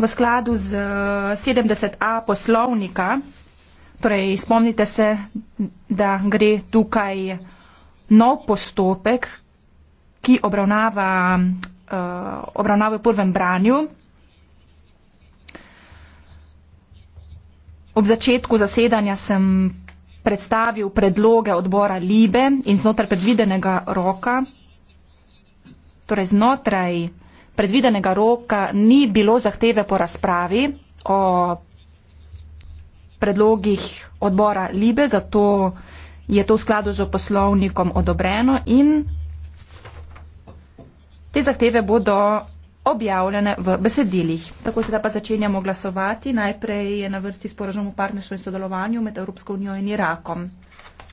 v skladu z 70a eh, poslovnika, torej spomnite se, da gre tukaj nov postopek, ki obravnava, uh, eh, obravnava v prvem branju. Ob začetku zasedanja sem predstavil predloge odbora Libe in znotraj predvidenega roka, torej znotraj predvidenega roka ni bilo zahteve po razpravi o predlogih odbora Libe, zato je to v skladu z poslovnikom odobreno in te zahteve bodo objavljene v besedilih. Tako se da pa začenjamo glasovati. Najprej je na vrsti sporožnemu partnerstvu in sodelovanju med Evropsko unijo in Irakom.